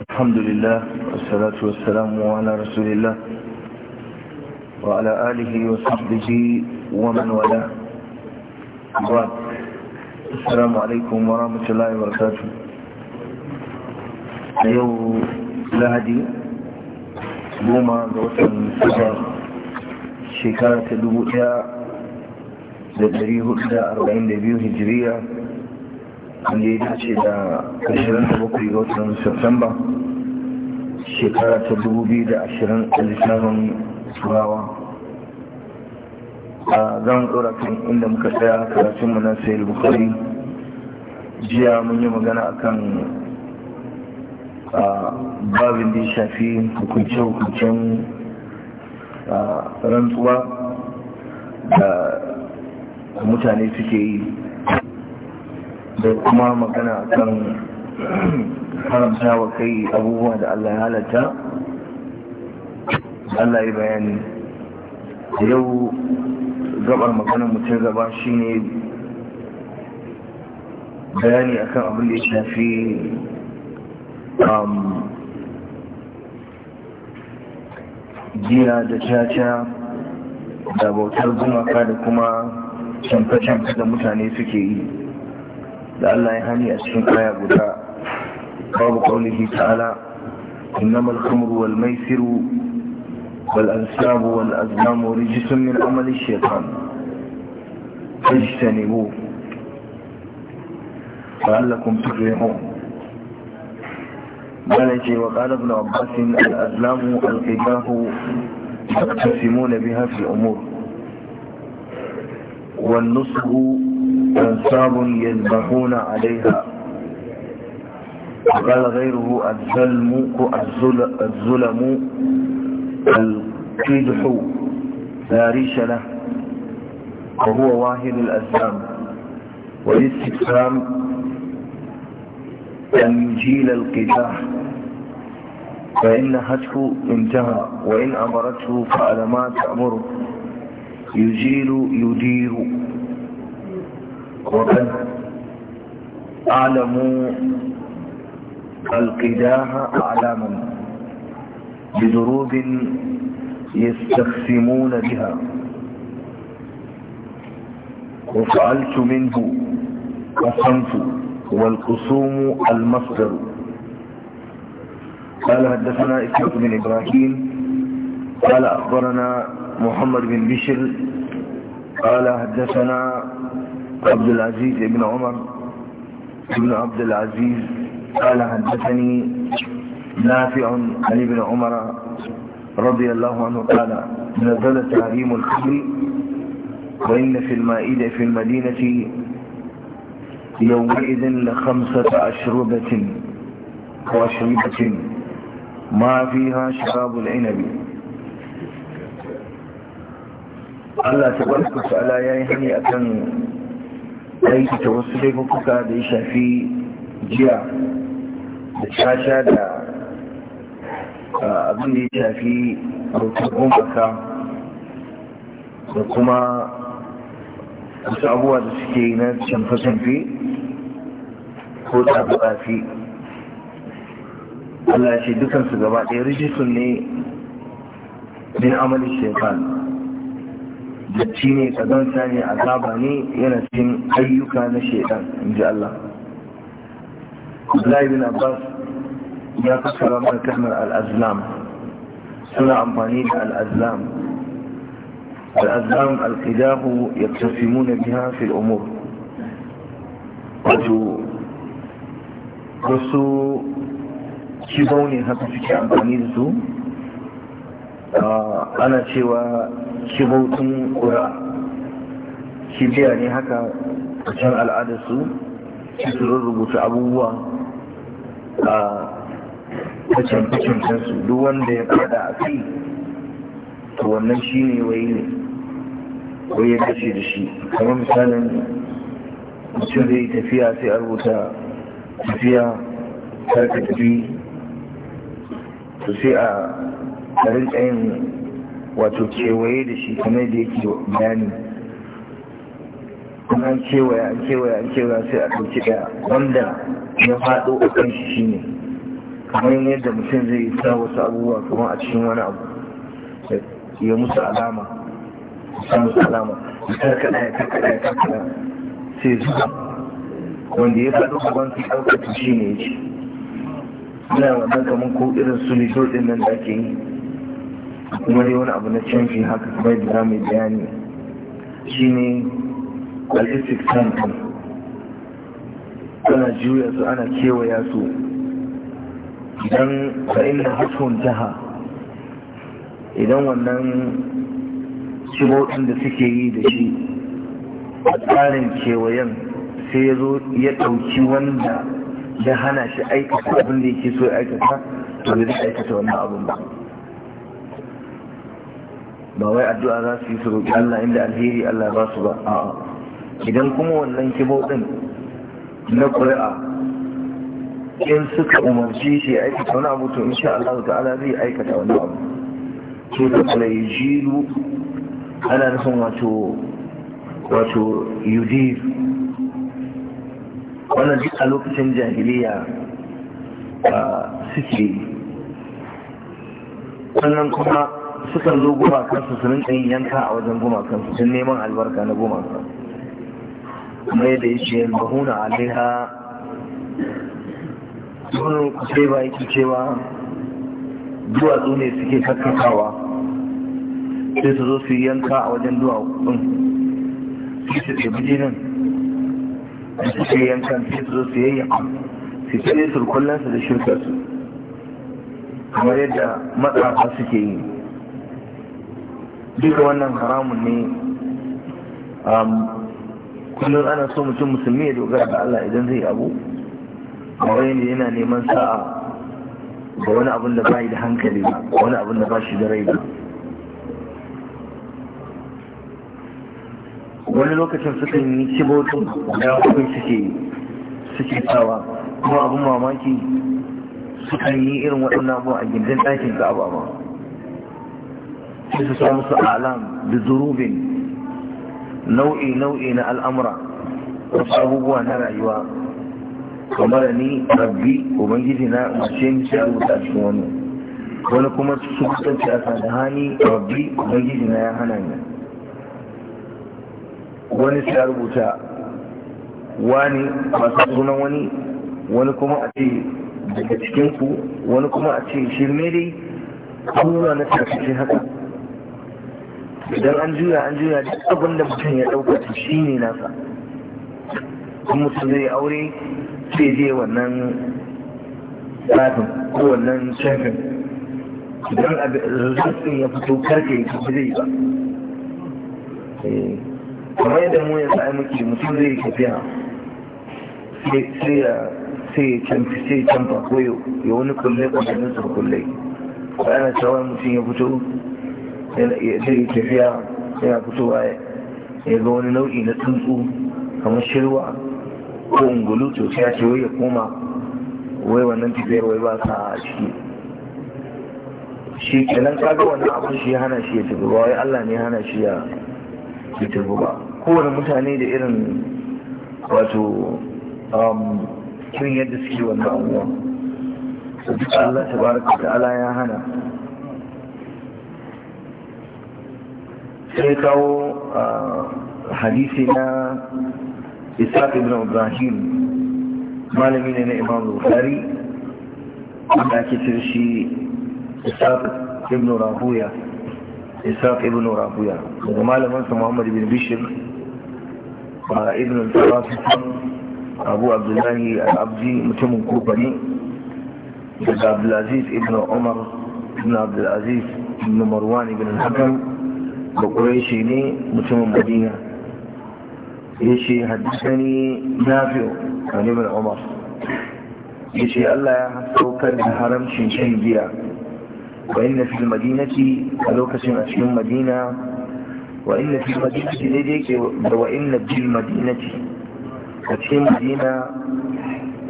الحمد لله والصلاة والسلام على رسول الله وعلى آله وصحبه ومن والاه بعد السلام عليكم ورحمة الله وبركاته يوم لهدي goma ga watan safar shekara ta dubu ɗaya da dari hudu da arba'in da biyu hijiriya wanda ya dace da 27 ga watan satamba shekara ta 2020 a lissafin turawa a zan tsora kan inda muka tsaya karatunmu na sayar bukari jiya mun yi magana akan babin da ya shafi hukunce-hukuncen rantsuwa da mutane suke yi da kuma magana akan haramta wa kai abubuwa da Allah ya halatta Allah ya bayani yau gabar maganar mutum gaba shi ne bayani akan abin da ya shafi jiya um, da caca da bautar gumaka da kuma canfa-canfa da mutane suke yi لأنه يهني ya يا a cikin قوله تعالى إنما الخمر والميسر والأنساب والأزلام رجس من عمل الشيطان فاجتنبوه لعلكم تفلحون مالك وقال ابن عباس الأزلام القباه تقتسمون بها في الأمور والنصب أنساب يذبحون عليها وقال غيره الزلم الزلم القدح لا ريش له وهو واهل الأزلام والاستفهام يجيل القداح فإن هتك انتهى وإن أمرته فعل ما تأمره يجيل يدير وقد أعلموا القداح أعلاما بدروب يستخسمون بها وفعلت منه الصنف والقصوم المصدر قال حدثنا إسحاق بن إبراهيم قال أخبرنا محمد بن بشر قال حدثنا عبد العزيز بن عمر بن عبد العزيز قال حدثني نافع عن ابن عمر رضي الله عنه قال نزل تعليم الخمر وإن في المائدة في المدينة يومئذ لخمسة أشربة وأشربة ما فيها شراب العنب الله تبارك وتعالى يا هني أكن Aiki ta wasu laifuka da ya shafi jiya da shasha da abin da ya shafi rukun baka da kuma wasu abubuwa da suke yi na canfe-canfe ko tsafi Allah ya ce dukansu gaba ɗaya rijistun ne min amalin shekaru datti ne kazanta ne azaba ne yana cikin ayyuka na shaidan in ji Allah Abdullahi bin Abbas ya fassara mana kalmar al-azlam suna amfani da al-azlam al-azlam al-qidahu yaktasimuna biha fil umur wato wasu kibau ne haka suke amfani da su ah, ana cewa shigogin ƙura biya ne haka a can al'adarsu su rubuta abubuwa a kacin-kacinsu duk wanda ya fada a kai to wannan shi ne wai ne, wai ya kashe da shi kamar misalin mutum zai tafiya sai a rubuta tafiya karka tafi to sai a rinka ƙayin wato kewaye da shi kamar da yake bayani kuma an kewaye an kewaye an kewaye sai a ɗauki ɗaya wanda ya faɗo a kan shi ne. kamar yadda mutum zai yi ta wasu abubuwa kamar a cikin wani abu ya musu alama ya musu alama ya karkaɗa ya karkaɗa ya karkaɗa sai zuwa wanda ya faɗo gaban su ɗaukar shi ne ya ce ina wannan kamar ko irin su ne nan da ake yi kuma dai wani abu na canji haka kuma yadda za mu bayani shi ne al-istiksan ana juya su ana kewaya su idan kwa'in da haskun jaha idan wannan shigoɗin da suke yi da shi a tsarin kewayen sai ya zo ya ɗauki wanda ya hana shi aikata abin da yake so ya aikata to da zai aikata wannan abin ba ba wai addu'a za su yi su roƙi Allah inda alheri Allah ba su ba a'a idan kuma wannan kibo din na ƙuri'a in suka umarci shi ya aikata wani abu to insha Allah ta'ala zai aikata wani abu to da kula jiru ana nufin wato wato yudir wannan duk a lokacin jahiliya A suke sannan kuma sukan zo gumakansu su rinka yin yanka a wajen gumakansu sun neman albarka na gumaka kuma yadda ya ce mahuna alaiha sun kusa ba yake cewa duwatsu ne suke kakkakawa sai su zo su yi yanka a wajen duwatsun sai su ɗebi nan da suke yankan sai su zo su yayyanka su ne surkullansu da shirkarsu kamar yadda matsafa suke yi duka wannan haramun ne kullum ana so mutum musulmi ya dogara da Allah idan zai abu kawai ne yana neman sa'a da wani abin da ba da hankali ba wani abin da ba shi da rai ba wani lokacin sukan yi cibotun da kawai suke suke tsawa kuma abin mamaki suka yi irin waɗannan abuwa a gindin ɗakin ka ba sai su samu su alam da zurubin nau'i nau'i na al'amura wasu abubuwa na rayuwa kamar ni rabbi ubangiji na mace ni sai rubuta cikin wani wani kuma su kusanci a hani rabbi ubangiji na ya hana ni wani sai rubuta wani masu sunan wani wani kuma a ce daga cikinku wani kuma a ce shirme dai abubuwa na tafi haka idan an juya an juya duk abin da mutum ya ɗauka shi ne nasa kuma mutum zai aure sai je wannan tsafin ko wannan shafin idan rizkin ya fito karfe ya kafi zai ba eh, kamar yadda mu ya sa'a muke mutum zai tafiya sai ya sai ya canfa ko ya wani kulle kwanannin su kulle ko ana cewa mutum ya fito zai tafiya yana fitowa ya ga wani nau'i na tsuntsu kamar shirwa ko ungulu to sai ya ce wai ya koma wai wannan tafiyar wai ba sa a ciki shi kenan kaga wannan abin shi ya hana shi ya tafi ba wai Allah ne ya hana shi ya tafi ba kowane mutane da irin wato um, irin yadda suke wannan abubuwa duk Allah tabaraka ta'ala ya hana sai kawo hadisi na isaac ibn ibrahim malami ne na imam bukhari wanda ake cire shi isaac ibn rahuya isaac ibn rahuya daga malamansa muhammad bin bishir ibn al-farafis abu abdullahi al-abdi mutumin kufa ne daga abdulaziz ibn umar ibn abdulaziz ibn marwan ibn al-hakam بقريشي ني متم مدينة يشي حدثني نافع عن ابن عمر يشي الله يحسوك الحرم شنشن بيا وإن في المدينة ألوك سنة مدينة وإن في المدينة لديك وإن في المدينة أتين مدينة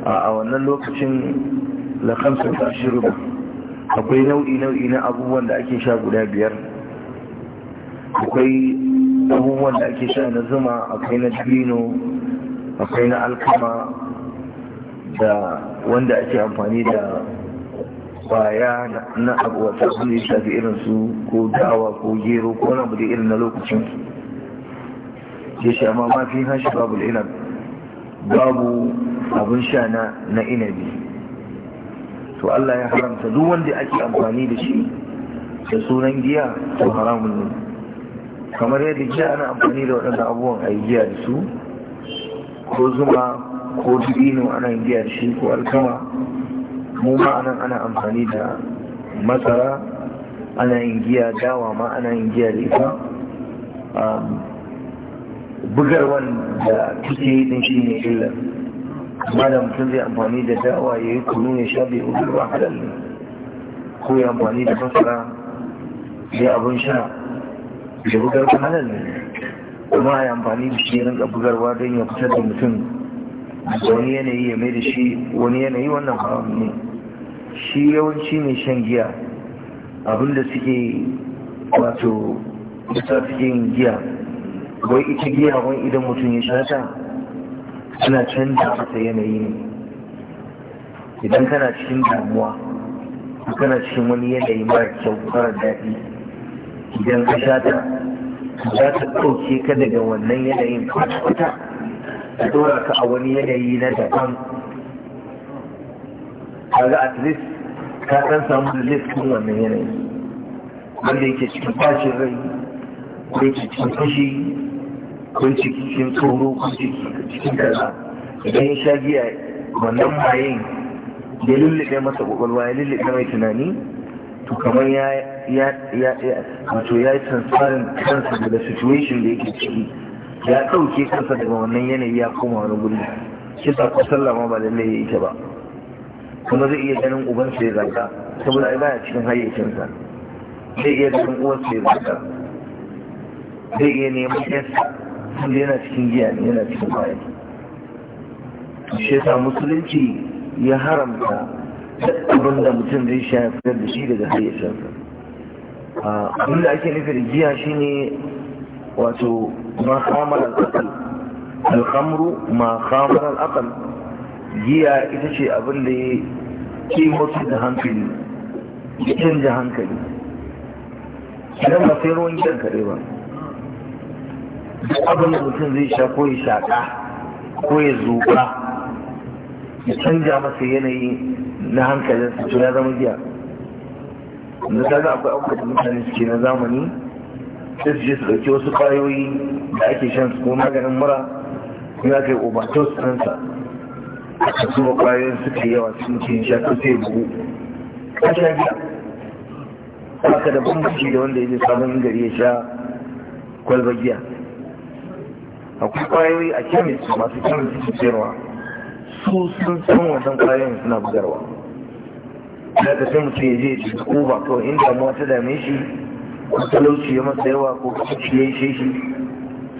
أو أن الوقت لخمسة أشهر أقول نوئي نوئي نأبوا لأكي شاب لا بيرد akwai abubuwan da ake sha na zuma akwai na dabino akwai na alkama da wanda ake amfani da kwaya na abu wata abin shafi irin su ko dawa ko gero ko wani abu da irin na lokacin ya sha ma mafi hashi babu inab babu abin sha na inabi to Allah ya haramta duk wanda ake amfani da shi da sunan giya to haramun ne kamar yadda jiya ana amfani da waɗannan abubuwan a jiya da su ko zuma ko dubino ana jiya da shi ko alkama mu ma ana amfani da masara ana yin giya dawa ma ana yin giya da ita bugarwan da kike yi ɗin shi ne illa amma da mutum zai amfani da dawa ya yi kunu ya sha bai ubi ba halal ko ya amfani da masara ya abin sha Da bugar ba ne kuma a yi amfani da shi rinka bugarwa don ya fitar da mutum wani yanayi ya mai da shi wani yanayi wannan haram ne shi yawanci mai shan giya abinda suke wato kusa suke yin giya wai ita giya wani idan mutum ya sha ta ana canza masa yanayi ne idan kana cikin damuwa kana cikin wani yanayi mara kyau fara daɗi idan ka sha ta za ta ɗauke ka daga wannan yanayin kwata-kwata ta ɗora ka a wani yanayi na daban kaga at least ka ɗan samu relief cikin wannan yanayi wanda yake cikin bacin rai ko yake cikin fushi ko yake cikin tsoro ko cikin kaza idan ya sha giya wannan mayin ya lullube masa kwakwalwa ya lullube mai tunani to kamar ya ya wato ya yi transparent kansa daga situation da yake ciki ya ɗauke kansa daga wannan yanayi ya koma wani guri kisa ko sallama ba lallai ya ita ba kuma zai iya ganin ubansa ya zaga saboda ai baya cikin hayyacinsa zai iya ganin uwansa ya zaga zai iya neman yasa tunda yana cikin giya ne yana cikin bayan shi yasa musulunci ya haramta abin da mutum zai sha ya fitar da shi daga hayyacinsa abin da ake nufi da giya shine wato ma khamar alhamru ma khamar giya ita ce abin da ya kimoti da hankali ya canja hankali idan ba sai ruwan gidan kare ba duk abin da mutum zai sha ko ya shaƙa ko ya zuƙa ya canja masa yanayi na hankalinsa su ya zama giya da kaga akwai abubuwa da mutane suke na zamani sai su je su ɗauki wasu ƙwayoyi da ake shan su ko maganin mura ya kai su ɗinsa a su ba ƙwayoyin suka yawa sun ce sha ko sai bugu ka sha giya haka da bambanci da wanda ya je sabon gari ya sha kwalba giya akwai ƙwayoyi a kemis masu kemis su sayarwa su sun san wannan kwayoyin suna bugarwa da ka sai mutum ya je ya ci ko ba kawai in damuwa ta dame shi ko talauci ya masa yawa ko kuma shi ya ishe shi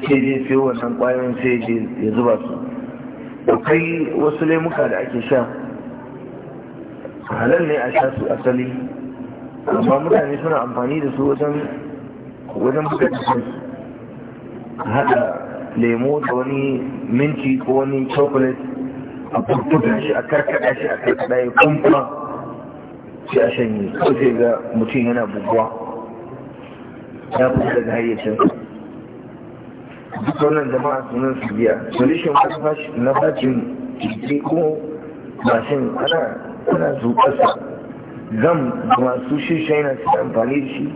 sai je sai wannan kwayoyin sai ya zuba su akwai wasu laimuka da ake sha halal ne a sha su asali amma mutane suna amfani da su wajen wajen buga haɗa lemo da wani minti ko wani chocolate a kurkuta shi a karkada shi a karkada ya kumfa shi a shanye ko sai ga mutum yana buguwa ya fi daga hayyacin duk wannan jama'a sunan su biya solution na bacin jiki ko mashin ana ana zuƙasa zam da masu shisha yana su amfani da shi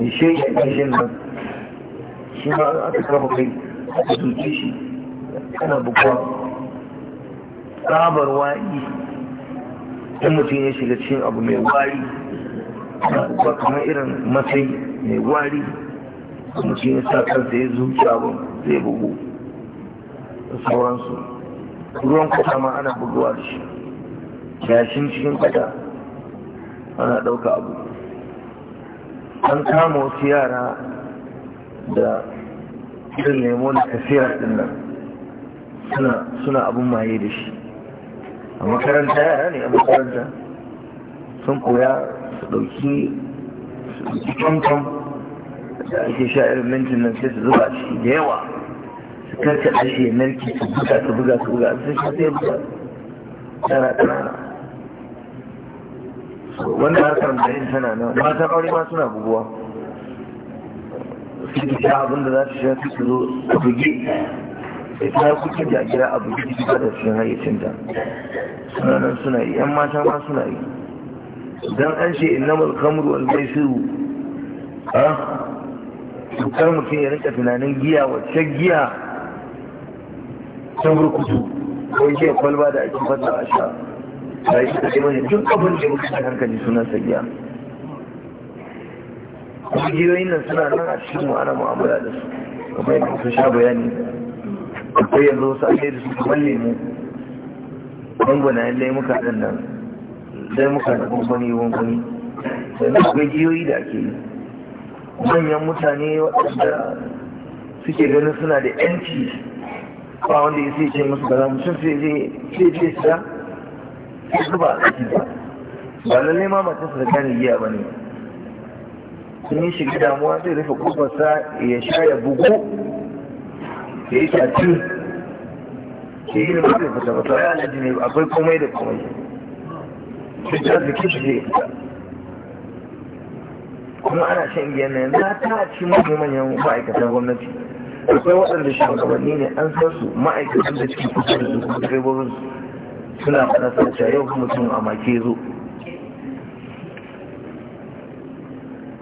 da shi ya ƙashin nan shi ma aka kafa kai aka zuƙi shi ana bukwa tsabar wa'i in mutum ya shiga cikin abu mai wari ba kamar irin matsayi mai wari mutum ya sa kansa ya zuciya abin zai bugu da sauransu ruwan kwata ma ana buguwa da shi yashin cikin kwata ana ɗauka abu an kama wasu yara da irin nemo da kasirar ɗin nan suna abin maye da shi a makaranta yara ne a makaranta sun koya su ɗauki su ɗauki da ake sha irin mintin nan sai su zuba shi da yawa su karka ɗashe narki su buga su buga su buga sun sha sai buga tana ƙanana wanda harkar da yin tana nan mata aure ma suna buguwa suke sha abin da za su sha su zo su buge ita kuke da gida abu da shiga da cikin hayyacinta suna nan suna yi yan mata ma suna yi don an ce ina innamal kamru wal maisiru a tukar mutum ya rinka tunanin giya wacce giya ta burkutu ko giya kwalba da ake fata a sha ba yi ta kima ne duk kafin da muka ta hankali suna sa giya kungiyoyin nan suna nan a cikin mu mu'amala da su kamar yadda su sha bayani akwai yanzu wasu ake da su kamar lemu ya lai muka ɗan nan lai muka da gwangwani gwangwani sannan akwai jiyoyi da ake yi manyan mutane waɗanda suke ganin suna da yanci ba wanda ya sai ce musu ba za mu sun sai je siya sai zuba a cikin ba ba lallai ma matan su da gane giya ba ne sun yi shiga damuwa zai rufe kofarsa ya sha ya bugu ya a tafi ke yi da mafi fita fita ya alaji ne akwai komai da komai shi ta ziki shi zai fita kuma ana shan giyan nan za ta ci mafi manyan ma'aikatan gwamnati akwai waɗanda shugabanni ne an san su ma'aikatan da cikin kusa da su kuma direbobin suna faɗa sarca yau kuma sun a make zo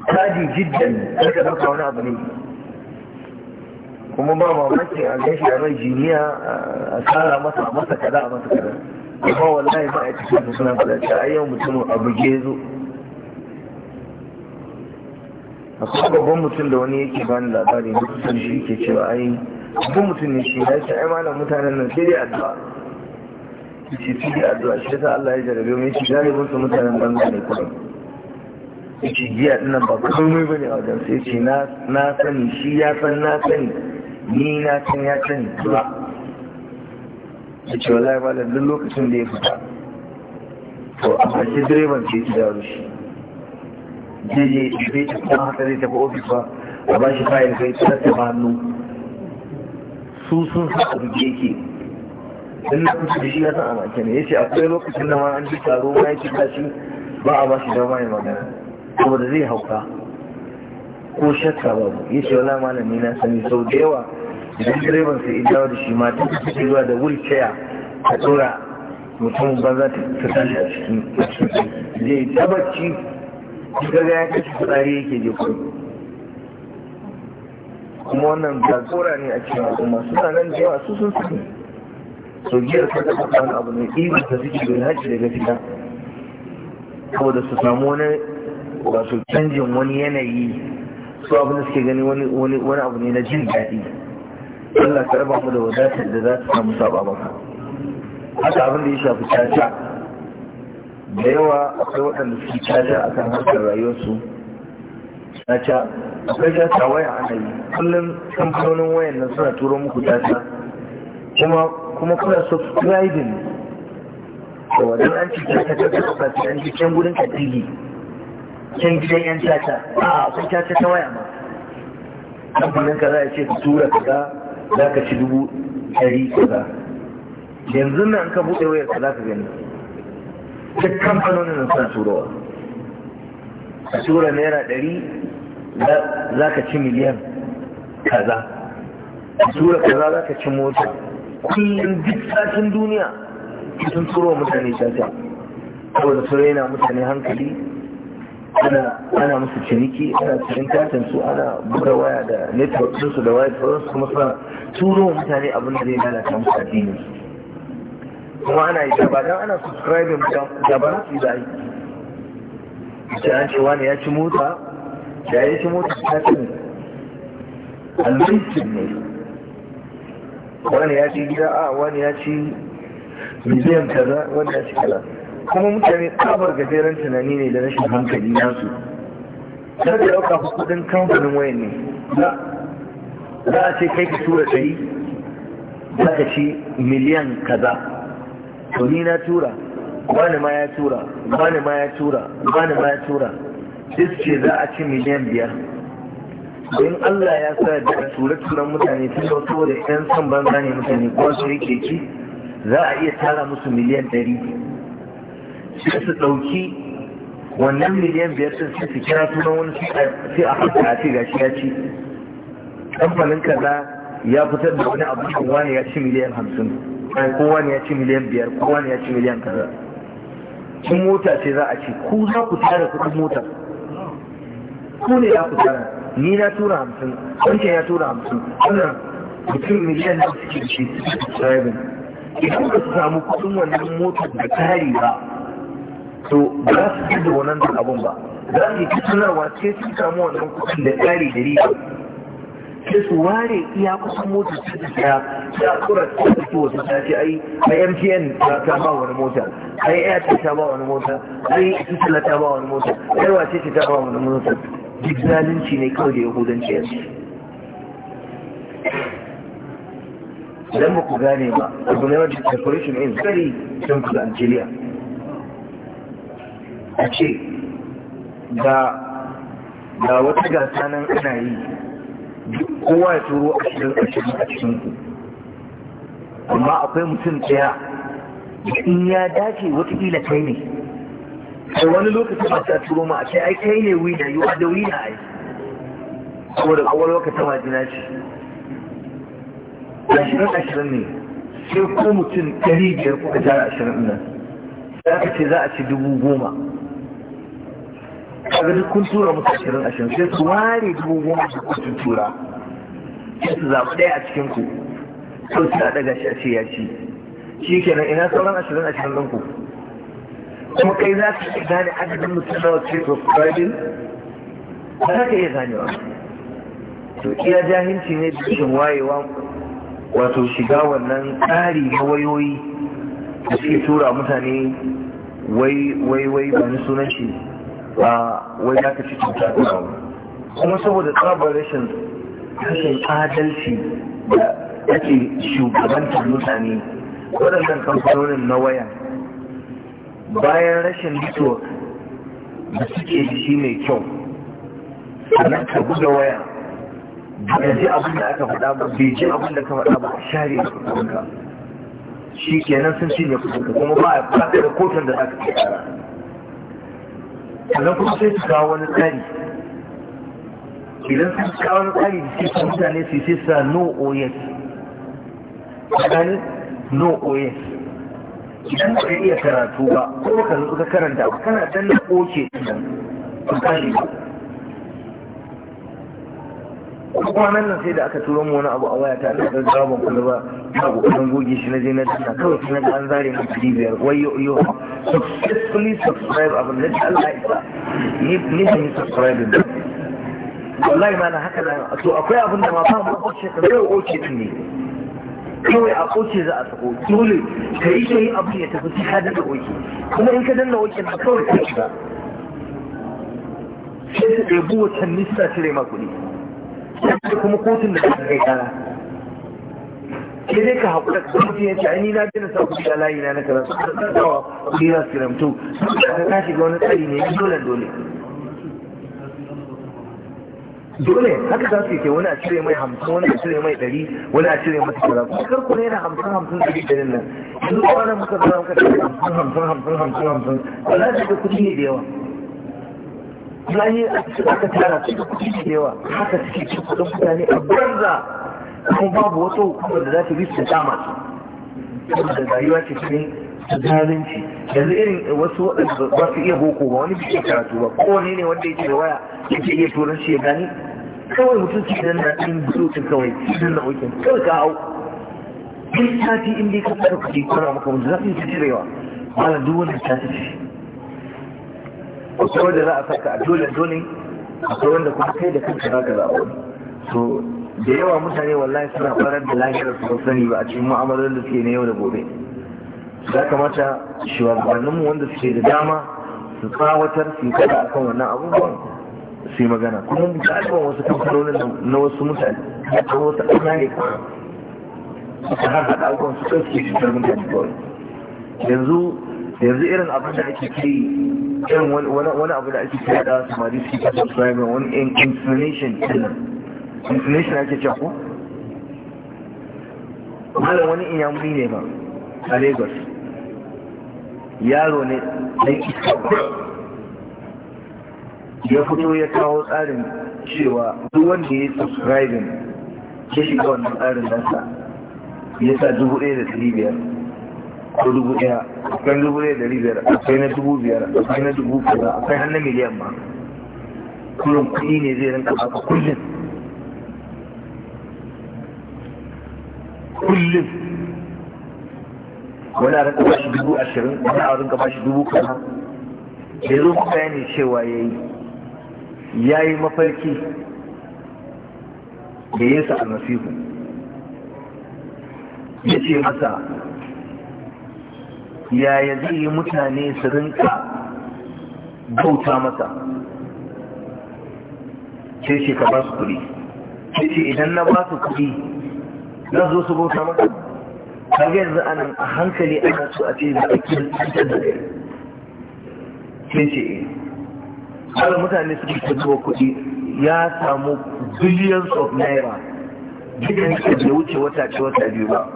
kaji jiddan daga ɗauka wani abu ne kuma ba mamaki a gashi a mai jiniya a tsara masa a masa kada a masa kada amma wallahi ba a cikin su suna faɗa ta yau mutum a buge zo akwai babban mutum da wani yake bani labari da kusan shi ke cewa ai babban mutum ne shi ya ce ai malam mutanen nan sai dai addu'a shi su da addu'a shi ta Allah ya jarabe mai shi galibin su mutanen banza ne kurum ya ce giya ɗinnan ba komai ba ne a wajen sai ce na sani shi ya san na sani ni na san ya sani ba ya cewa lai ba da duk lokacin da ya fita to a ƙarshe direban ke ya dawo shi zai je zai ta kuma haka zai tafi ofis ba a ba shi fayil kai ta taɓa hannu su sun sa a buge yake in na kusa da shi ya san a mace ne ya ce akwai lokacin da ma an ji taro ma ya ce shi ba a ba shi ma ya magana saboda zai hauka ko shakka babu ya ce wala malami na sani sau da yawa idan direban sai in dawo da shi ma ta fi zuwa da wheelchair ta tsora mutum ba za ta tashi a cikin zai tabbaci gaga ya kashe tsari yake je kuma kuma wannan tsora ne a cikin al'umma suna nan da yawa su sun sani so giyar ta taɓa wani abu ne ɗiba ta suke bin haji daga fita saboda su samu wani wasu canjin wani yanayi su abin da suke gani wani abu ne na jin daɗi Allah ka raba mu da wadatar da za ta samu saba maka haka abin da ya shafi caca da yawa akwai waɗanda suke caca a kan harkar rayuwarsu caca akwai caca waya ana yi kullum kamfanonin wayan nan suna turo muku caca kuma kuma kuna subscribing da wajen an ci caca ta kasa ta an ji can gudun katili can gidan yan caca a akwai caca ta waya ma kamfanin ka za a ce ka tura kaza za ka ci dubu ɗari kaza yanzu nan ka buɗe wayar ka za ka gani duk kamfanonin suna turowa a tura naira ɗari za ka ci miliyan kaza a tura kaza za ka ci mota kullum duk sashen duniya sun turo mutane Kawai saboda su na mutane hankali ana musu ciniki ana cikin katin su ana buga waya da network su da waya da sauransu kuma suna turo mutane abin da zai lalata musu addini kuma ana yi da ba dan ana subscribing da ba su da yi sai an ce wani ya ci mota da ya ci mota ta ci alwancin ne wani ya ci gida a wani ya ci miliyan kaza wani ya ci kaza kuma mutane tsabar gajeren tunani ne da rashin hankali nasu kar ka ɗauka kuɗin kamfanin wayan ne za a ce kai ka tura ɗari za ka ci miliyan kaza to ni na tura wani ma ya tura wani ma ya tura wani ma ya tura duk ce za a ci miliyan biyar don Allah ya sa da tura turan mutane tun da wasu da 'yan son banza ne mutane kuma su rike ci za a iya tara musu miliyan ɗari sai su ɗauki wannan miliyan biyar sun sai su kira suna wani sai a haka a ce gashi ya ci kamfanin kaza ya fitar da wani abu kan wani ya ci miliyan hamsin ko wani ya ci miliyan biyar ko wani ya ci miliyan kaza in mota ce za a ci ku za ku tara kuɗin mota ku ne za ku tara ni na tura hamsin wancan ya tura hamsin wannan mutum miliyan na suke da shi idan ba su samu kuɗin wannan motar da tari ba to ba za su da wannan abun ba za su yi tunarwa ce su samu wannan kuɗin da tsari da riba sai su ware iya kusan motar ce da siya ta a tura ta fito wasu ta ce ai a mtn ta ba wani mota ai airtel ta ba wani mota ai sisila ta ba wani mota ai wace ce ta ba wani mota duk zalunci ne kawai da yahudanci yanzu idan ba ku gane ba abu ne wajen corporation in very simple da clear a ce da da wata gasa nan ana yi kowa ya turo ashirin ashirin a cikinku amma akwai mutum ɗaya in ya dace watakila kai ne a wani lokacin ba ta turo ma a ce ai kai ne wina yi wa da wina ai saboda kawar lokacin majina ce ashirin ashirin ne sai ko mutum ɗari biyar kuka jara ashirin nan za ka ce za a ci dubu goma kaga duk kun tura musu ashirin ashirin sai su ware dubu goma su kun tura sai su zaɓi ɗaya a cikin ku to da a daga shi a ce ya ci shi kenan ina sauran ashirin ashirin ɗin ku kuma kai za ka iya gane adadin mutum nawa ce ko kwalin ba za ka iya wa? to iya jahilci ne da cikin wayewa wato shiga wannan tsari na wayoyi da suke tura mutane wai wai wai ba ni sunan shi wai za ka ci cuta da kuma saboda tsabar rashin rashin adalci da ake shugabantar mutane waɗannan kamfanonin na waya bayan rashin network da suke shi mai kyau sannan ka buga waya ba ji abin da aka faɗa ba bai ji abin da ka faɗa ba share da kuɗinka shi kenan sun cinye kuɗinka kuma ba a da kotun da za ka ce sannan kuma sai su kawo wani tsari idan sun kawo tsari da ke kan mutane su sai sa no oyes tsakanin no idan ba iya karatu ba ko ka zo ka karanta ba kana na oke ɗin nan ba kwanan nan sai da aka turo mu wani abu a waya ta ina da jawaban kuma ba ina kokarin goge shi na je na dana kawai sai da an zare mu kudi biyar wai yo yo successfully subscribe abin da Allah ya sa ni ni ne subscribe din wallahi ma na haka da to akwai abin da ma ba mu kace da kai oke ce ne kawai a koce za a sako dole ka yi shi abu ya tafi shi ka da oke kuma in ka danna oke na kawai ka shiga sai su ɗebi watanni suna cire ma kuɗi sai kuma kotun da ta kai kana sai dai ka haƙura ka mutu ya ce ni na gina sa kuɗi a layi na na kaza su ka tsawa kuɗi na su kiramtu ka ka shiga wani tsari ne dole dole dole haka za su yi wani a cire mai hamsin wani a cire mai ɗari wani a cire masa kaza kuma karku ne na hamsin hamsin ɗari ɗarin nan yanzu kwanan muka zama muka hamsin hamsin hamsin hamsin hamsin za shi da kuɗi ne da yawa cikin aka tara cikin kuɗi da yawa haka suke cin kuɗin mutane a banza kuma babu wata hukumar da za ta bi su dama saboda rayuwa ce cikin zalunci yanzu irin wasu waɗanda ba su iya boko ba wani bikin karatu ba kowane ne wanda yake da waya yake iya turanci ya gani kawai mutum ke nan na cikin bulutun kawai cikin na wakil kawai ka hau in sati in dai ka tsara kuɗi kana maka wanda za su yi ta yawa. malam duk wanda ta ce akwai wanda za a saka a dole dole akwai wanda kuma kai da kanka za ka zaɓa so da yawa mutane wallahi suna farar da lahirar su sani ba a cikin mu'amalar da suke na yau da gobe ya kamata shugabanninmu wanda suke da dama su tsawatar su kada a kan wannan abubuwan su yi magana kuma galibin wasu kamfanonin na wasu mutane ya ta wasu ɗana ne kawai su har haɗa abubuwan su ɗauke shi mutane kawai yanzu yanzu irin abin da ake kai irin wani abu da ake kai da samari su ka subscribe wani inclination inclination ake cewa ko malam wani inyamuri ne ba a lagos yaro ne ɗan ya fito ya kawo tsarin cewa duk wanda ya subscribing ya shiga wannan tsarin nasa ya sa dubu ɗaya da ɗari biyar ko dubu ɗaya kan dubu ɗaya ɗari biyar kai na dubu biyar kai na dubu kaza akwai har na miliyan ma kullum kuɗi ne zai rinka baka kullum kullum wani a rinka bashi dubu ashirin wani a rinka bashi dubu kaza da zo ku bayani cewa ya yi ya yi mafarki da sa a nasihu ya ce masa yaya zai yi mutane su rinka bauta masa ce ce ka ba su kuɗi ce ce idan na ba su kuɗi za zo su bauta masa har yanzu anan a hankali ana so a ce za a kirkanta da kai ce eh. har mutane su ke zuwa kuɗi ya samu billions of naira gidan da wuce wata ce wata biyu ba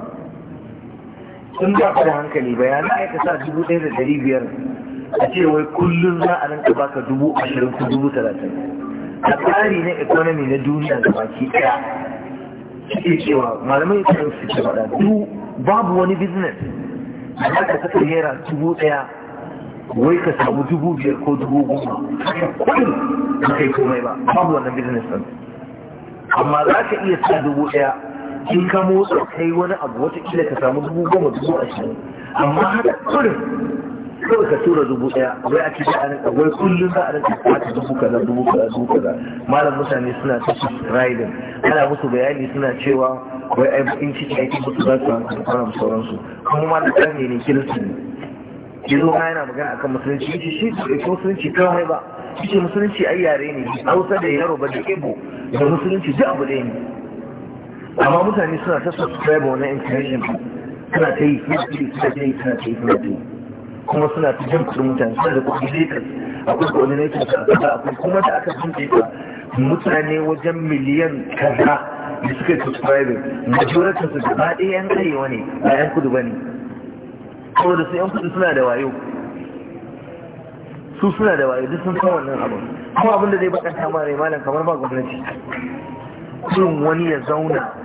sun ba ka da hankali bayanan ya ka sa dubu ɗaya da ɗari biyar a ce wai kullum za a rinka baka dubu ashirin ko dubu talatin a tsari na economy na duniya da baki ɗaya suke cewa malamai economy suke faɗa duk babu wani business a za ka saka naira dubu ɗaya wai ka samu dubu biyar ko dubu goma kudin ba kai komai ba babu wani business ɗin amma za ka iya sa dubu ɗaya in ka motsa kai wani abu wata kila ka samu dubu goma dubu ashirin amma haka kurin kawai ka tura dubu ɗaya wai a cikin anan wai kullum za a rinka kwata dubu kaza dubu kaza dubu kaza malam mutane suna ta riding ana musu bayani suna cewa wai ai in ciki aikin mutu za su fara kwanan sauransu kuma malam ɗan ne kiristi ne Ki zo ma yana magana akan musulunci shi shi bai ko musulunci kawai ba ce musulunci ai yare ne Hausa da ba da Ebo, da musulunci duk abu ɗaya ne amma mutane suna ta subscribe wani intanet, suna ta yi suna ta suna ta yi suna ta yi suna ta yi kuma suna ta jin kudin mutane suna da kudi lekas akwai coordinator kaza akwai kuma da aka jin data mutane wajen miliyan kaza da suka yi subscribing majoritin su gaba ɗaya yan karewa ne a yan kudu ba ne Kuma da su yan kudu suna da wayo su suna da wayo duk sun san wannan abin kuma abin da zai bakanta ma rai malam kamar ba gwamnati kullum wani ya zauna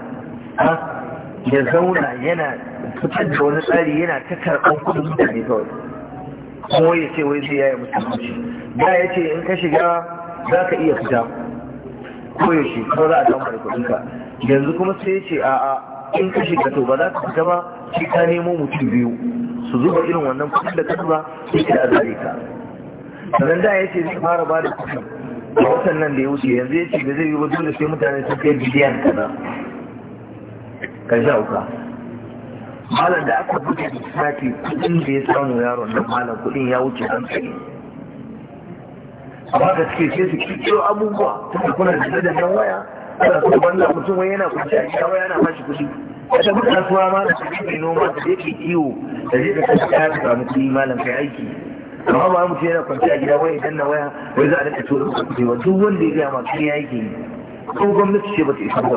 ya zauna yana fitar da wani tsari yana ta karɓar kudin mutane kawai kuma ya ce wai zai yaya musulunci da ya ce in ka shiga za ka iya fita Ko koyaushe ko za a samu da kuɗinka yanzu kuma sai ya ce a'a in ka shiga to ba za ka fita ba sai ka nemo mutum biyu su zuba irin wannan kudin da ka zuba sai ka zare ka sannan da ya ce zai fara ba da kudin a watan nan da ya wuce yanzu ya ce da zai yi ba dole sai mutane sun kai biliyan kaza ka jauka malam da aka buga lissafi kudin da ya samu yaron nan malam kudin ya wuce hankali amma da suke ce su kikiro abubuwa da kuna da da nan waya ana so banda mutum wai yana kwanci a cikin waya ana bashi kudi wata mutane suwa malam da ke noma da yake kiwo da zai ka kasa kaya ka samu kudi malam kai aiki amma ba mutum yana kwanci a gida waya idan na waya wai za a rika tura kudi wa duk wanda ya gaya ma kudi aiki yake ko gwamnati ce ba ta isa ba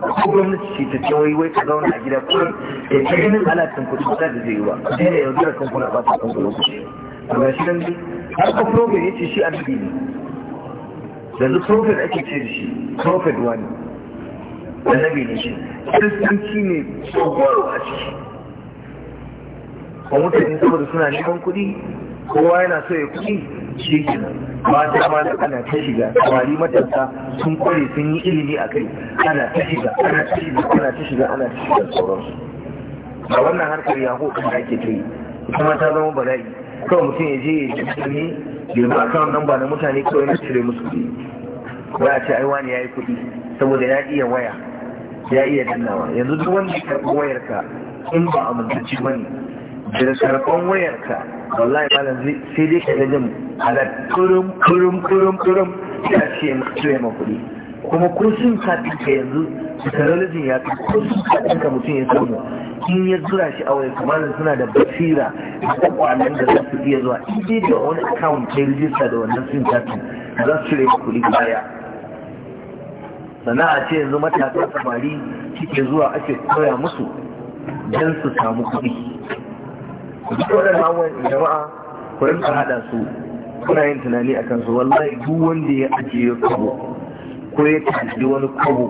ko gwamnati ce ta ce wai wai ka zauna a gida ko ya ce ganin alatin kuɗi ba da zai yi ba sai da yanzu da kan kuna ba ta kan kuɗi lokaci ga shi nan har ko prophet ya ce shi annabi ne yanzu prophet ake ce da shi prophet wani annabi ne shi kiristanci ne tsogoro a ciki kuma mutane saboda suna neman kuɗi kowa yana so ya kuɗi shi ke mata ma da ana ta shiga samari matasa sun kware sun yi ilimi a kai ana ta shiga ana ta shiga ana ta shiga ana ta shiga sauransu a wannan harkar yaho kan da ake ta yi Kuma ta zama bala'i kawai mutum ya je ya ji ilimi girma a kan nan ba na mutane kawai na cire musu kuɗi ba a ce ai wani ya yi kuɗi saboda ya iya waya ya iya dannawa yanzu duk wanda ya karɓi wayarka in ba a mutunci ba ne da karɓan wayarka wallahi malam sai dai ka jin halar kurum kurum kurum kurum ya ce mutum ma kuɗi kuma ko sun ka yanzu technology ya kai ko sun ka mutum ya samu in ya zura shi a wani kamar suna da basira da kwanan da za su zuwa in da wani account ta rijista da wannan sim katin za su cire kuɗi baya sana'a ce yanzu matasa samari kike zuwa ake koya musu don su samu kuɗi waɗannan abubuwan jama'a ku rinka haɗa su kuna yin tunani a kansu wallahi duk wanda ya ajiye kwabo ko ya tafi wani kwabo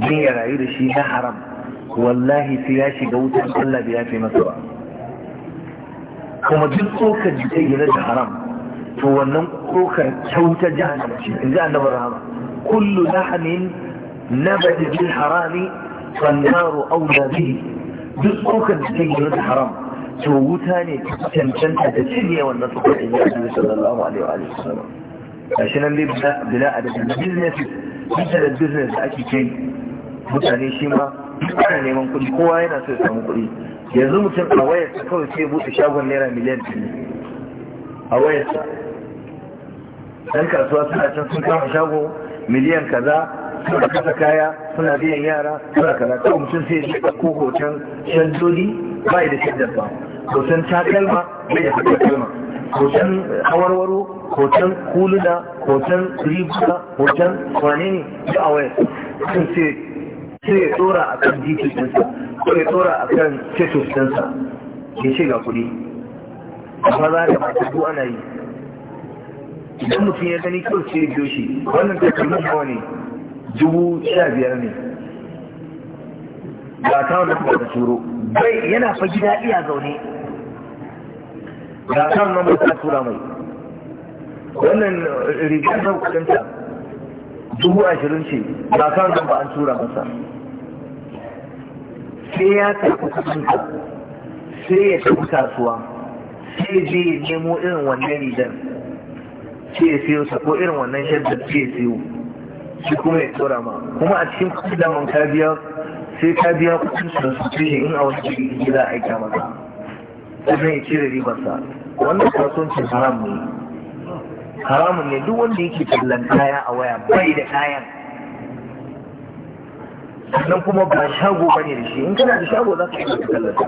don ya rayu da shi na haram wallahi sai ya shiga wutar Allah bai yafe masa ba kuma duk tsokar da ta gina da haram to wannan tsokar kyauta jahannama ce in ji annabar rahama kullu lahamin nabati bil harami fannaru aula bihi duk tsokar da ta gina da haram to wuta ne cancanta da cire wannan suka ɗin a cikin sallallahu alaihi wa sallam shi nan dai bila adadin business da business da ake kai mutane shi ma ana neman kuɗi kowa yana so ya samu kuɗi yanzu mutum a wayarsa kawai sai buɗe shagon naira miliyan ɗari a wayarsa ɗan kasuwa suna can sun kama shago miliyan kaza suna kasa kaya suna biyan yara suna kaza kawai mutum sai ya ko hoton shandoli bai da shaddar ba hoton takalma mai da takalma hoton hawarwaro hoton kuluna hoton ribuka hoton wane ne ya a waya sun ce sai ya tsora a kan jikin ko ya tsora a kan cetus ya ce ga kuɗi amma za da mata duk ana yi idan mutum ya gani kyau sai biyo shi wannan takalmin nawa ne dubu sha biyar ne ga ta wanda da turo bai yana fa gida iya zaune da kan ma mai tura mai wannan rigar nan kudinta dubu ashirin ce da kan nan ba an tura masa sai ya tafi kudinta sai ya tafi kasuwa sai je ya nemo irin wannan rigar ce ya siyo sa ko irin wannan shaddar ce ya siyo shi kuma ya tura ma kuma a cikin kudin da man biya sai ka biya kudin da su ce in a wani gida aika maka sannan zai cire ribarsa wannan kasuwancin haram ne haramun ne duk wanda yake tallan kaya a waya bai da kayan sannan kuma ba shago ba ne da shi in kana da shago za ka yi tallata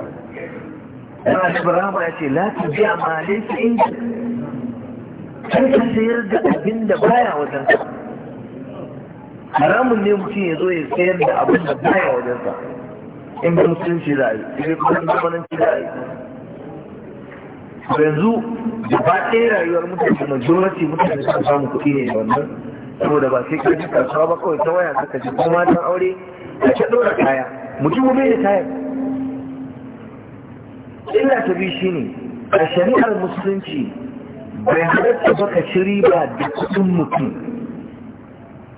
yana da barama ya ce lati ta biya ma laifin inda kan ka sayar da abin da baya wajen ka haramun ne mutum ya zo ya sayar da abin da baya wajen ka in ba mutum za a yi in ba musulunci za a yi yanzu ba ɗaya rayuwar mutane majority mutane suka samu kuɗi ne wannan saboda ba sai ka ji kasuwa ba kawai ta waya suka ji kuma ta aure da ta ɗora kaya mutum bai da kayan illa ta bi shi ne a shari'ar musulunci bai halatta ba ka ci riba da kuɗin mutum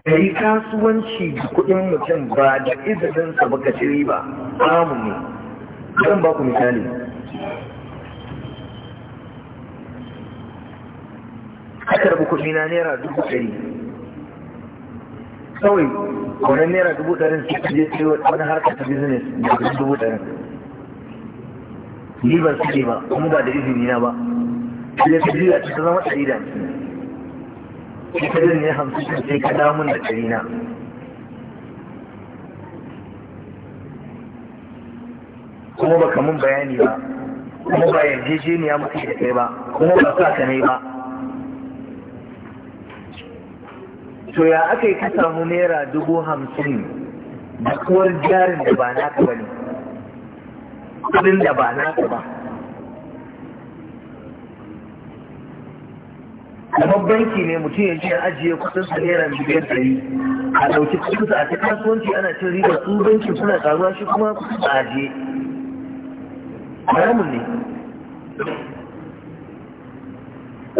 ka yi kasuwanci da kuɗin mutum ba da izininsa ba ka ci riba samu ne zan ba ku misali a karbi kuɗi na naira dubu ɗari kawai wannan naira dubu ɗarin su je sai wani harkar ta business da dubu ɗarin ni ban suke ba kuma ba da izini na ba sai ta juya ta zama ɗari da hamsin sai ta ne hamsin sai ka damun da ɗari na kuma ba mun bayani ba kuma ba yarjejeniya mutu da kai ba kuma ba sa ka ne ba to ya aka yi ka samu naira dubu hamsin da kuwar jarin da ba na ka bane kudin da ba ka ba kuma banki ne mutum ya ce ajiye kusan sa naira miliyan ɗari a ɗauki kusan su a ta kasuwanci ana cin riba su banki suna karuwa shi kuma kusan su ajiye haramun ne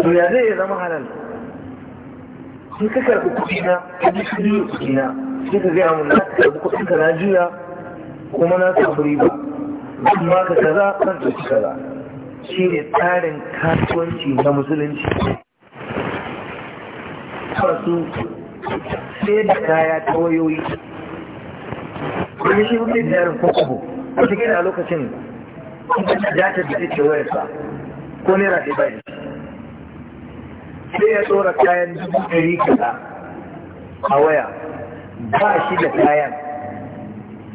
to ya zai zama halal sun ka karɓi kuɗi na ka ji ka juya kuɗi na sai ka gaya mun na karɓi kuɗin ka na juya kuma na samu riba zan ka kaza zan ɗauki kaza shi ne tsarin kasuwanci na musulunci su sai da kaya ta wayoyi kuma shi hudu da yarin kwakwabo a cikin a lokacin kuma da ta da take wayarsa ko naira ɗaya ba sai ya tsora kayan dubu ɗari kaza a waya ba shi da kayan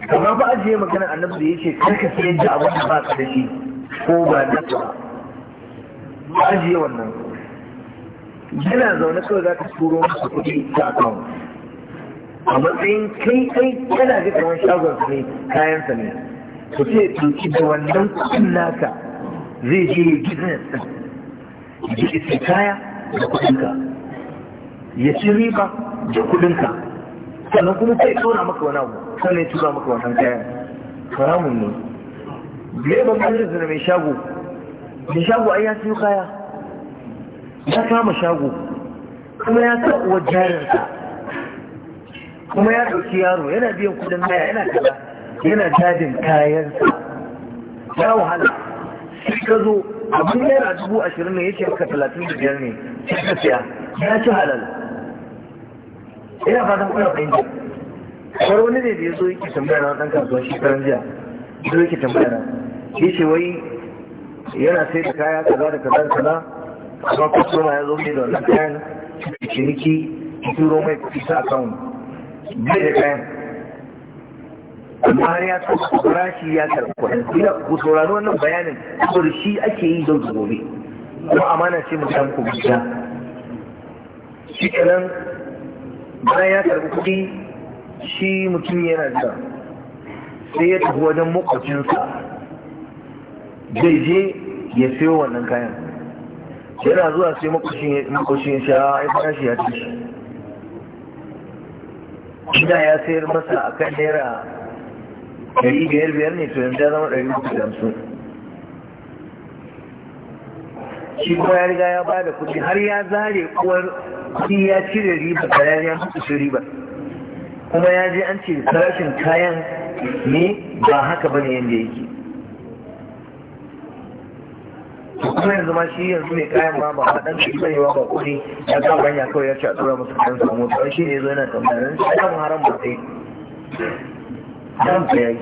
amma ba ajiye magana annabi da ya ce karka sayar da abin da ba ka da shi ko ba da ba ba ajiye wannan yana zaune kawai za ka turo masa kuɗi ta akawun a matsayin kai kai yana ga kamar shagon su ne kayan sa ne to ce tuki da wannan kuɗin naka zai je business din ya kaya da kudinka ya ci riba da kudinka sannan kuma sai tura maka wani abu sannan ya tura maka wannan kayan haramun ne ban arzikin da mai shago mai shago ai ya siyo kaya ya kama shago kuma ya sa uwar jarinsa kuma ya ɗauki yaro yana biyan kudin kaya yana kaza yana dajin kayansa ya wahala sai ka zo abin naira dubu ashirin ne ya ce maka talatin da biyar ne sai ka siya ya ci halal ina fatan kuna fahimta kwar wani ne da ya zo yake tambaya na ɗan kasuwa shekaran jiya zo yake tambaya na ya ce wai yana sai da kaya kaza da kaza da kaza amma kwastoma ya zo mai da wannan kayan ciniki turo mai kuɗi ta akawun bai da kayan amma har ya so farashi ya karɓi kuɗin ina ku saurari wannan bayanin saboda shi ake yi don gobe kuma amana ce mu san ku gida shi kenan bayan ya karɓi kuɗi shi mutum yana jira sai ya tafi wajen makwacinsa zai je ya sayo wannan kayan yana zuwa sai makwacin ya sha ya ci ah, shi ina ya sayar masa a kan naira ɗari biyar biyar ne to yanzu ya zama ɗari biyar da hamsin shi kuma ya riga ya bada kuɗi har ya zare uwar kuɗi ya cire riba bayan ya mutu su riba kuma ya je an ce farashin kayan ne ba haka bane yadda ya ke. to kuma yanzu ma shi yanzu ne kayan ma ba haɗan da shi barewa ba ba kuɗi ya kan banya kawai ya ce a tura musu kayan samu to shi ne zo yana tambayar shi kan haram ba sai dan ka yayi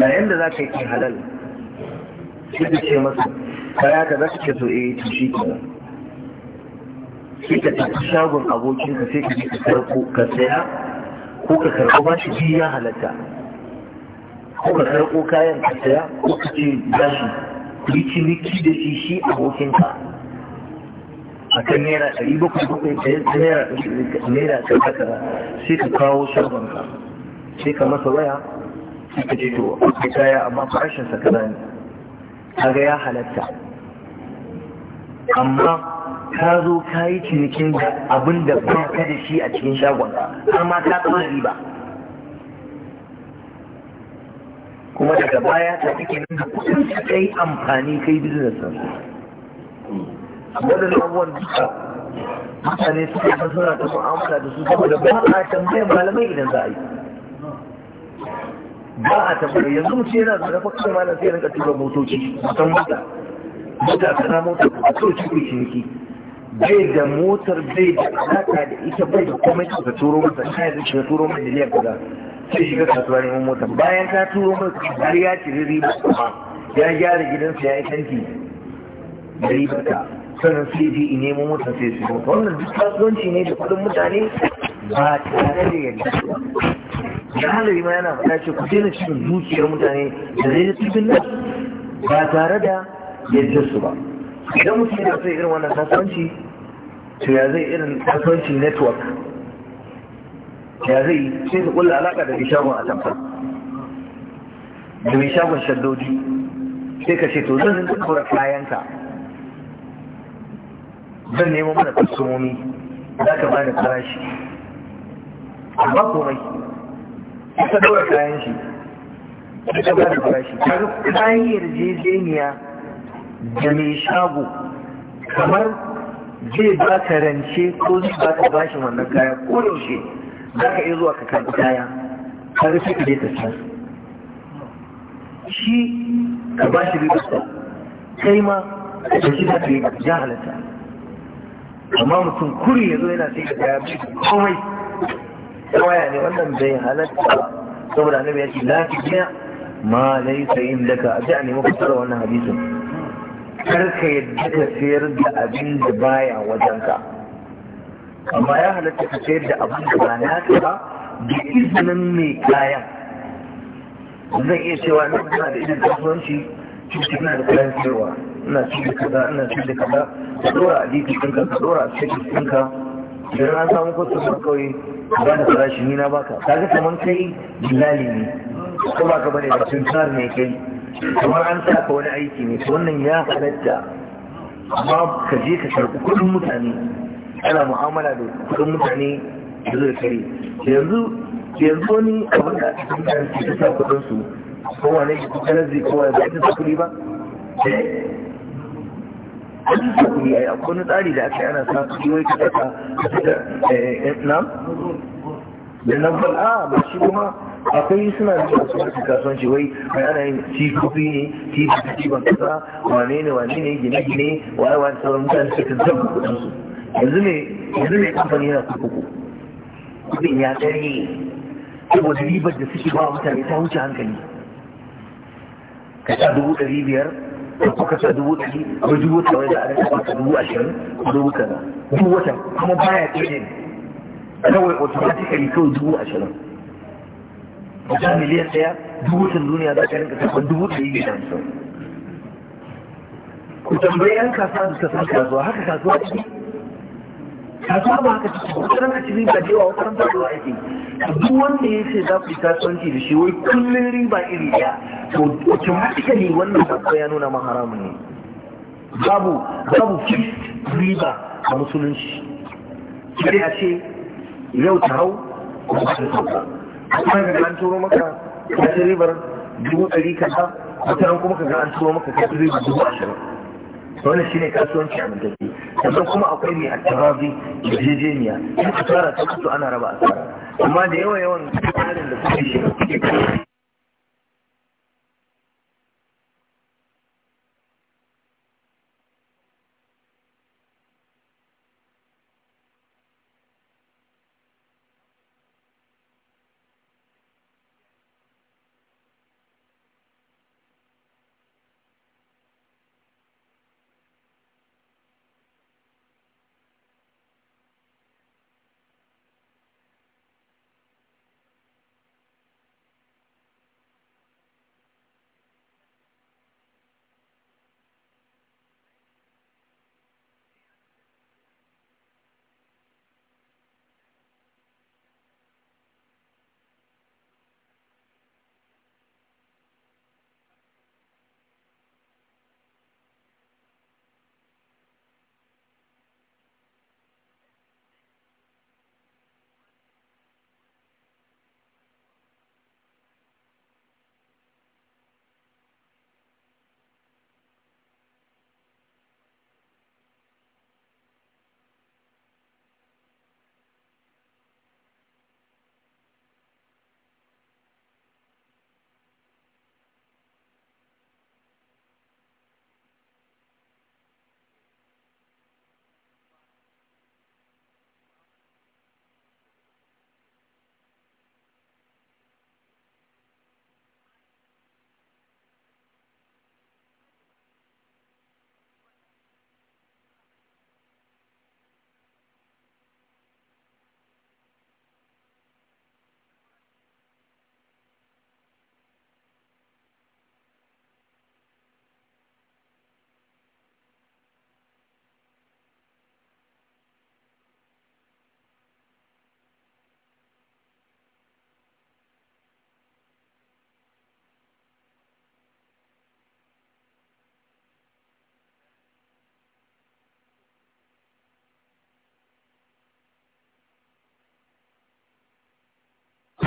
da yadda za ka yi halal shi ka ce masa ya ka za ka ce so eh to shi ka sai ka tafi shagon abokinka sai ka ka karko ka saya ko ka karko ba shi ji ya halatta ko ka karko kayan ka saya ko ka ce shi yi ciniki da shi shi abokinka a kan naira ɗari bakwai bakwai da naira ɗari naira ɗari sai ka kawo shagonka sai ka masa waya sai ka ce to akwai kaya amma farashin sa kaza ne ga ya halatta amma ka zo ka yi cinikin abin da ba ka da shi a cikin shagon har ma ka tsama riba kuma daga baya ta take nan da ta kai amfani kai business din wadannan abubuwan duka mutane suke masana ta amfana da su saboda ba a tambayar malamai idan za a yi ba a tabbata yanzu mu ce yana da rafa kuma malam sai rinka tura motoci musan mota mota kana mota a so ci ku ciniki bai da motar bai da alaka da ita bai da komai ka turo masa kai da ka turo masa liyar kaza sai shiga kasuwa neman motar bayan ka turo mata har ya ci riba kuma ya gyara gidansa ya yi tanki da riba ka sannan sai je in nemo motar sai su mota wannan duk kasuwanci ne da kudin mutane ba tare da yadda ya halari ma yana faɗa ce ku daina cikin zuciyar mutane da zai cikin nan ba tare da yardar su ba idan mutum ya so irin wannan kasuwanci to ya zai irin kasuwanci network ya zai sai su kulla alaƙa da mai shagon tamfa da mai shagon shaddodi sai ka ce to zan rinka kura kayanka zan nemo mana kwastomomi za ka bani farashi amma komai ta daura kayan shi ba da kayan yarjejeniya da mai shago kamar zai ba ka rance ko zai ba ka bashin wannan kaya ko yaushe za ka iya zuwa ka karɓi kaya ka rufe ka ta can shi ka ba shi ribar kai ma ka ɗauki da ka yi ya halatta amma mutum kuri ya zo yana sai ka kaya bai komai tawaya ne wannan bai halatta saboda annabi ya ce la tujiya ma laysa indaka a ji a nemi fasara wannan hadisin kar ka yadda ka sayar da abin da baya wajenka amma ya halatta ka sayar da abin da ba naka ba da izinin mai kayan zan iya cewa na kana da irin kasuwanci cikin da kayan sayarwa ina cikin da kaza ina cikin da kaza ka dora a jikin ka ka dora a cikin ka idan an samu kotun ba kawai ba da farashi ni na baka kaga kamar kai jilali ne ko ba ka bane da tuntar ne kai kamar an sa ka wani aiki ne su wannan ya halatta amma ka je ka karɓi kudin mutane ana mu'amala da kudin mutane da zai kare yanzu yanzu wani abin da mutane ke ta sa kuɗinsu kowane ya zai kowa ya ta sa kuɗi ba eh. an sa kuɗi a yi akwai tsari da aka yi ana sa kuɗi wai ka ɗaka eh, eh, eh, na da nan ba a ba shi kuma akwai suna da kasuwanci kasuwanci wai mai ana yin tikofi ne tikofi ciban kasa wane ne wane ne gine gine waye wani sauran mutane suka zama kuɗinsu yanzu ne yanzu ne kamfani yana kuku kuɗin ya tsare saboda ribar da suke ba mutane ta wuce hankali ka sha dubu ɗari biyar kuka sa dubu ɗari ko dubu tawai da arin ka dubu ashirin ko dubu kaza Dubu wata kuma baya ɗaya ne kawai automatically kawai dubu ashirin wajen miliyan ɗaya dubu watan duniya za ka rinka karɓar dubu ɗari da hamsin ku tambayi 'yan kasuwa da suka san kasuwa haka kasuwa take kasuwa ba ka cikin wata ran riba da yawa wata ran faɗuwa ake duk wanda ya ce za ku yi kasuwanci da shi wai kullum riba iri ɗaya to automatically wannan kasuwa ya nuna ma haramun ne babu babu fixed riba a musulunci sai a ce yau ta hau ko ba ta sauka kuma ga an turo maka kashin ribar dubu ɗari kaza wata ran kuma ka ga an turo maka kashin ribar dubu ashirin wannan shine kasuwanci a mutane sannan kuma akwai mai attarazi da jejeniya in asara ta mutu ana raba asara amma da yawa yawan tsarin da kuke shi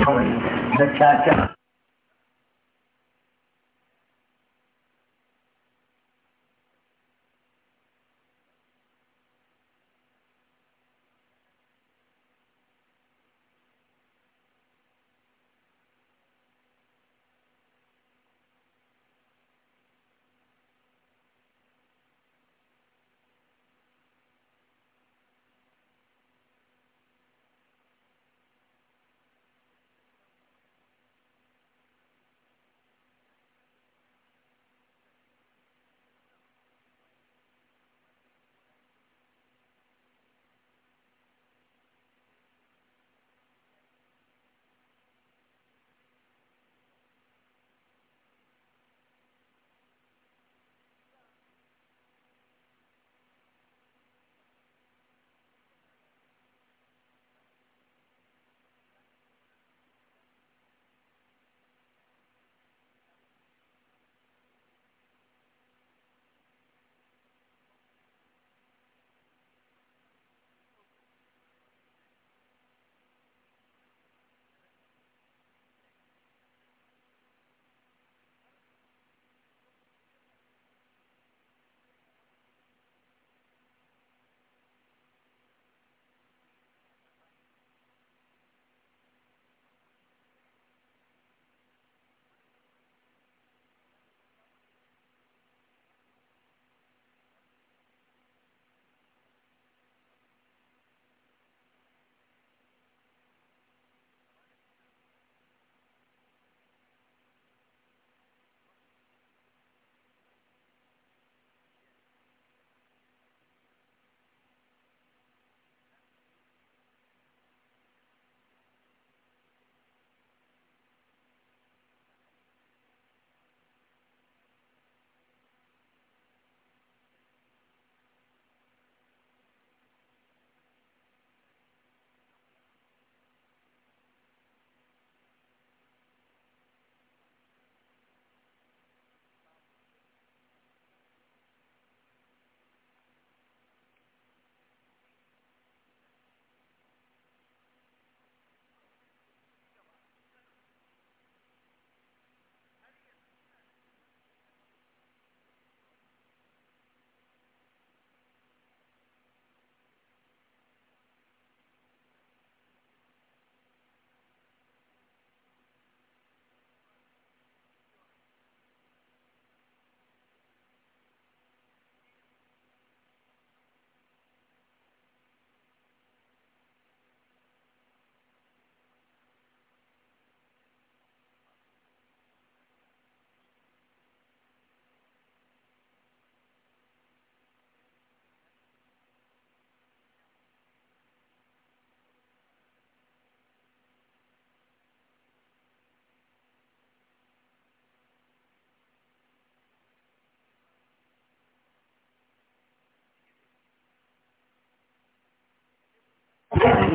kawai na caca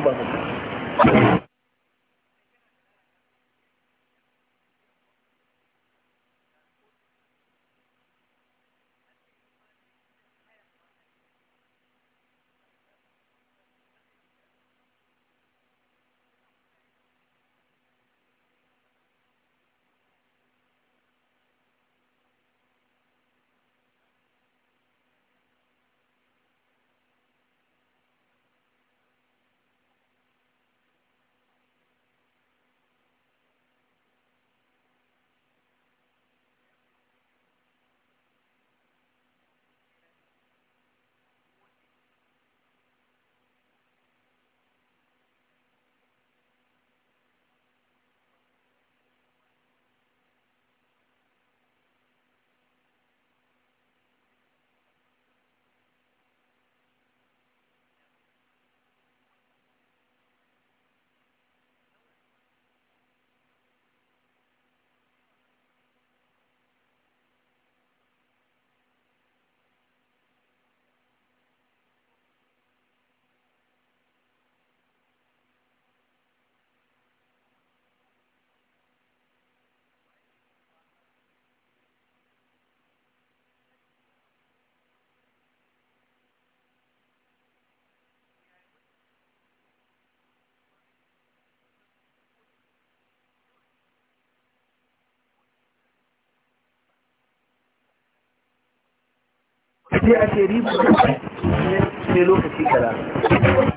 ba mutum sai a riba sai lokaci kala?